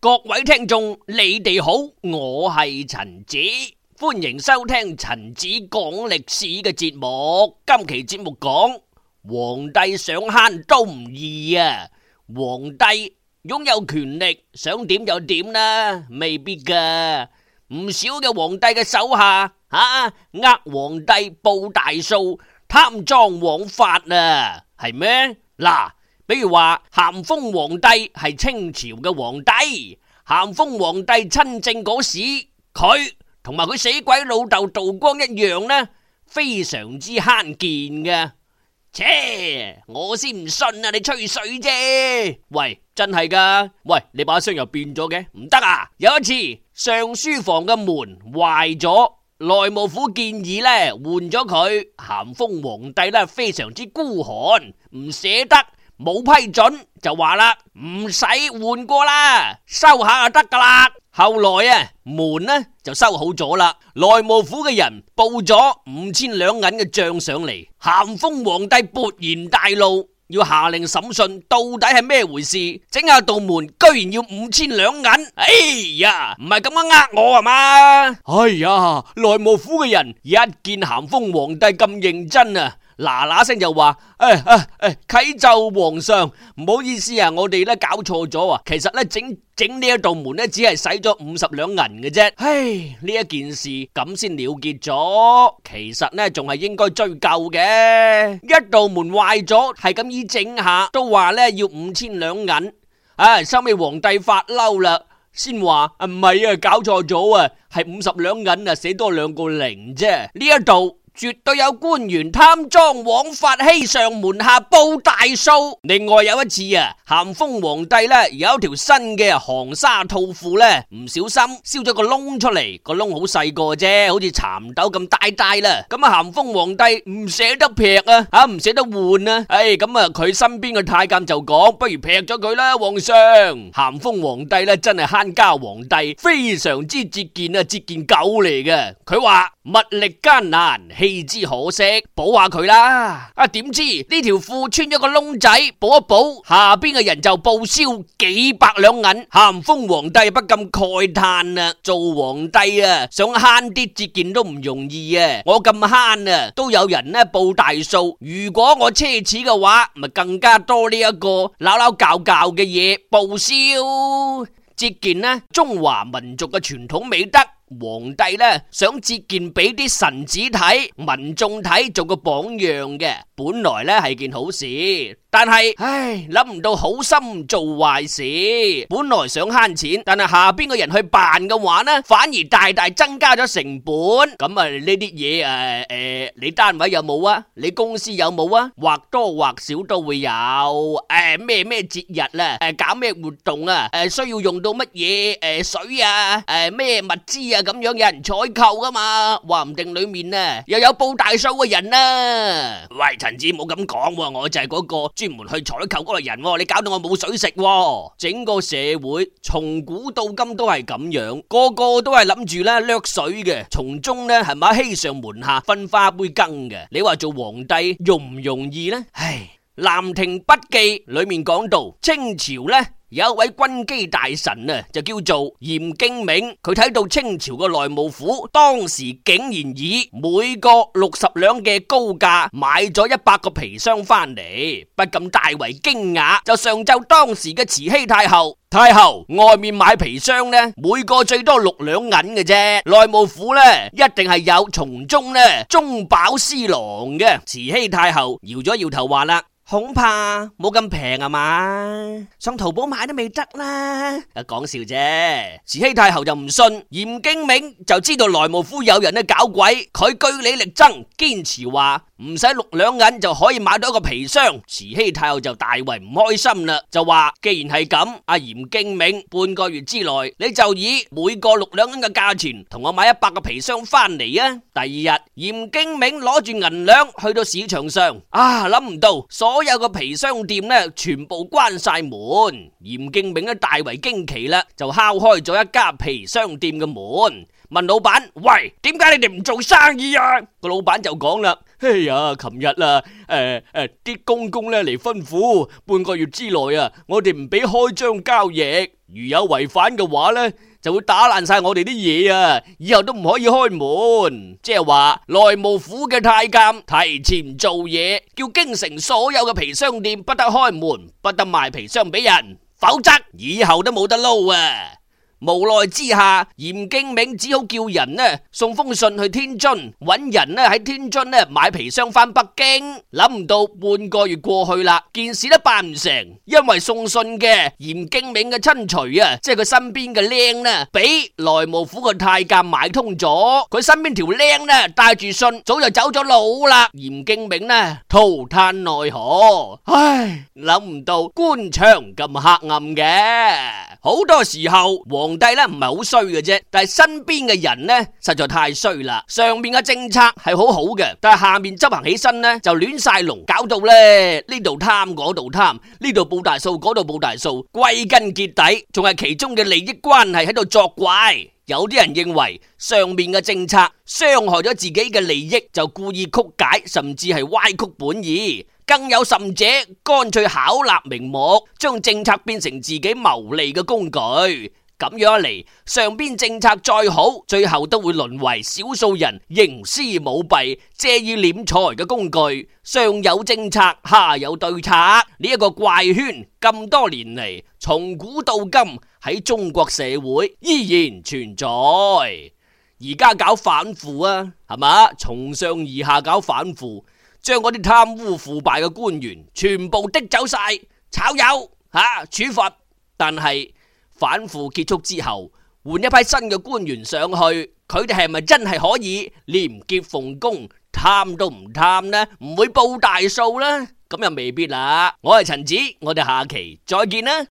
各位聽眾，你哋好，我係陳子，歡迎收聽陳子講歷史嘅節目。今期節目講皇帝想慳都唔易啊！皇帝擁有權力，想點就點啦，未必㗎。唔少嘅皇帝嘅手下啊，呃皇帝報大數、貪贓枉法啊，係咩嗱？比如話咸豐皇帝係清朝嘅皇帝，咸豐皇帝親政嗰時，佢同埋佢死鬼老豆道光一樣呢，非常之慳見噶。切，我先唔信啊！你吹水啫。喂，真係噶？喂，你把聲又變咗嘅，唔得啊！有一次上書房嘅門壞咗，內務府建議呢換咗佢咸豐皇帝呢，非常之孤寒，唔捨得。冇批准就話啦，唔使換過啦，修下就得噶啦。後來啊，門呢就修好咗啦。內務府嘅人報咗五千兩銀嘅賬上嚟，咸豐皇帝勃然大怒，要下令審訊到底係咩回事。整下道門居然要五千兩銀，哎呀，唔係咁樣呃我係嘛？哎呀，內務府嘅人一見咸豐皇帝咁認真啊！嗱嗱聲就話，誒誒誒，啟、哎、奏皇上，唔好意思啊，我哋咧搞錯咗啊，其實咧整整呢一道門咧，只係使咗五十兩銀嘅啫。唉，呢一件事咁先了結咗，其實咧仲係應該追究嘅。一道門壞咗，係咁依整下，都話咧要五千兩銀。唉、啊，收尾皇帝發嬲啦，先話啊唔係啊，搞錯咗啊，係五十兩銀啊，寫多兩個零啫。呢一度。絕對有官員貪贓枉法，欺上瞞下報大數。另外有一次啊，咸豐皇帝呢有一條新嘅杭沙套褲呢，唔小心燒咗個窿出嚟，個窿好細個啫，好似蠶豆咁大大啦。咁啊，咸豐皇帝唔捨得劈啊，吓唔捨得換啊。唉、哎，咁啊，佢身邊嘅太監就講，不如劈咗佢啦，皇上。咸豐皇帝呢，真係慳家皇帝，非常之節儉啊，節儉狗嚟嘅。佢話。物力艱難，棄之可惜，補下佢啦！啊，點知呢條褲穿咗個窿仔，補一補，下邊嘅人就報銷幾百兩銀。咸豐皇帝不禁慨嘆啦：做皇帝啊，想慳啲節儉都唔容易啊！我咁慳啊，都有人呢報大數。如果我奢侈嘅話，咪更加多呢一個撈撈教教嘅嘢報銷節儉呢？中華民族嘅傳統美德。皇帝咧想節儉俾啲臣子睇，民眾睇做個榜樣嘅，本來咧係件好事，但係，唉諗唔到好心做壞事。本來想慳錢，但係下邊嘅人去辦嘅話呢，反而大大增加咗成本。咁啊呢啲嘢，誒誒，你單位有冇啊？你公司有冇啊？或多或少都會有。誒咩咩節日啊？誒搞咩活動啊？誒需要用到乜嘢？誒水啊？誒咩物資啊？咁樣有人採購噶嘛？話唔定裏面呢又有報大數嘅人啦、啊。喂，陳子，冇咁講，我就係嗰個專門去採購嗰個人。你搞到我冇水食，整個社會從古到今都係咁樣，個個都係諗住咧掠水嘅，從中呢係咪欺上瞞下，分花杯羹嘅？你話做皇帝容唔容易呢？唉，《南亭筆記》裏面講到清朝呢，有一位軍機大臣啊，就叫做嚴敬明，佢睇到清朝嘅內務府當時竟然以每個六十兩嘅高價買咗一百個皮箱翻嚟，不禁大為驚訝，就上奏當時嘅慈禧太后。太后，外面買皮箱呢，每個最多六兩銀嘅啫，內務府呢一定係有從中呢中飽私囊嘅。慈禧太后搖咗搖頭，話啦。恐怕冇咁平啊嘛，上淘寶買都未得啦。講笑啫。慈禧太后就唔信，嚴敬明就知道內務府有人啊搞鬼，佢據理力爭，堅持話唔使六兩銀就可以買到一個皮箱。慈禧太后就大為唔開心啦，就話既然係咁，阿嚴敬明半個月之內你就以每個六兩銀嘅價錢同我買一百個皮箱翻嚟啊！第二日嚴敬明攞住銀兩去到市場上，啊諗唔到所所有嘅皮箱店咧，全部關晒門。閻敬銘咧大為驚奇啦，就敲開咗一家皮箱店嘅門，問老闆：喂，點解你哋唔做生意啊？個老闆就講啦：哎呀，琴日啊，誒、呃、誒，啲、呃、公公咧嚟吩咐，半個月之內啊，我哋唔俾開張交易，如有違反嘅話咧。就會打爛晒我哋啲嘢啊！以後都唔可以開門。即係話內務府嘅太監提前做嘢，叫京城所有嘅皮箱店不得開門，不得賣皮箱俾人，否則以後都冇得撈啊！無奈之下，嚴敬銘只好叫人呢送封信去天津，搵人呢喺天津呢買皮箱返北京。諗唔到半個月過去啦，件事都辦唔成，因為送信嘅嚴敬銘嘅親隨啊，即係佢身邊嘅僆呢，俾內務府嘅太監買通咗，佢身邊條僆呢帶住信早就走咗佬啦。嚴敬銘呢，徒嘆奈何，唉，諗唔到官場咁黑暗嘅，好多時候和。皇帝咧唔係好衰嘅啫，但係身邊嘅人呢實在太衰啦。上面嘅政策係好好嘅，但係下面執行起身呢就亂晒龍，搞到咧呢度貪嗰度貪，呢度報大數嗰度報大數，歸根結底仲係其中嘅利益關係喺度作怪。有啲人認為上面嘅政策傷害咗自己嘅利益，就故意曲解，甚至係歪曲本意，更有甚者乾脆巧立名目，將政策變成自己牟利嘅工具。咁樣一嚟，上邊政策再好，最後都會淪為少數人營私舞弊、借以斂財嘅工具。上有政策，下有對策，呢一個怪圈咁多年嚟，從古到今喺中國社會依然存在。而家搞反腐啊，係嘛？從上而下搞反腐，將嗰啲貪污腐敗嘅官員全部的走晒，炒魷吓處罰，但係。反腐結束之後，換一批新嘅官員上去，佢哋係咪真係可以廉潔奉公、貪都唔貪呢？唔會報大數啦，咁又未必啦。我係陳子，我哋下期再見啦。